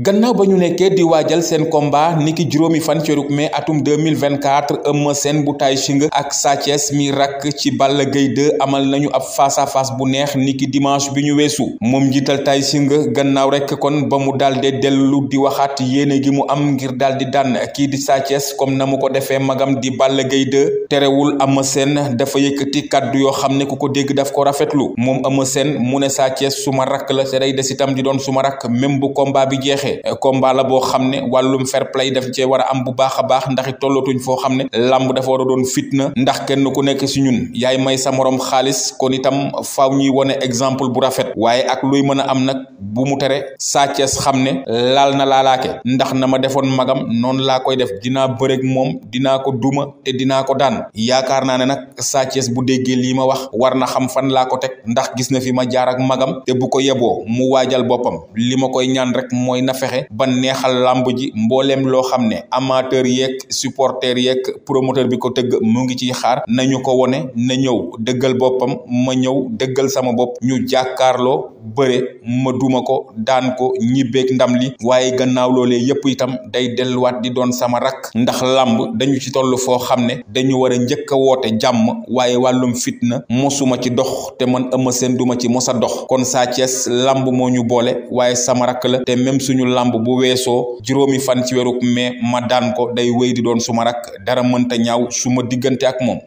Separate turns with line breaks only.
gannaaw ba ñu nekkee di waajal seen combat niki juróomi fan ci weeru mai atum 2024 Eumeu Sène bu Tay Shinga ak Sa Thiès mi rakk ci Balla Gaye 2 amal nañu ab face à bu neex niki dimanche bi ñu weesu moom njiital Tay Shinga gannaaw rek kon ba mu daal di dellu di waxaat yéene gi mu am ngir daal di daan kii di Sa comme na mu ko defee magam di Balla Gaye 2 terewul Eumeu Sène dafa yëkkati kàddu yoo xam ne ku ko dégg daf ko rafetlu moom Eumeu seen mu ne Sa suma rak la te day des itam di doon suma rakk même bu combat bi jeexee waxee eh, combat la boo xam ne wàllum fair play daf cee war am bu baax a baax ndax tollatuñ foo xam ne làmb dafa war doon doon na ndax kenn ku nekk si ñun yaay may sa morom xaalis kon itam faaw ñuy wone exemple bu rafet waaye ak luy mën a am nag bu mu tere Sa xam ne laal na laalaake ndax na ma defoon magam noonu laa koy def dinaa bëreeg moom dinaa ko duuma te dinaa ko daan yaakaar naa ne nag Sa bu déggee lii ma wax war na xam fan laa ko teg ndax gis na fi ma jaar ak magam fexe ba neexal làmb ji mbooleem loo xam ne amateur yeeg supporter yeeg promoteur bi ko tëgg mu ngi ciy xaar nañu ko wone na ñëw dëggal boppam ma ñëw dëggal sama bopp ñu jàkkaarloo bëre ma duma ko daan ko ñibbeek ndam li waaye gannaaw loolee yëpp itam day delluwaat di doon sama rakk ndax làmb dañu ci toll foo xam ne dañu war a njëkk a woote jàmm waaye wàllum fitna mosuma ci dox te man Eumeu seen duma ci mos a dox kon Sa Thiès làmb moo ñu boole waaye suñu làmb bu weesoo juróomi fan ci weeru mai ma daan day wéy di doon suma rak dara mënta ñaaw suma diggante ak moom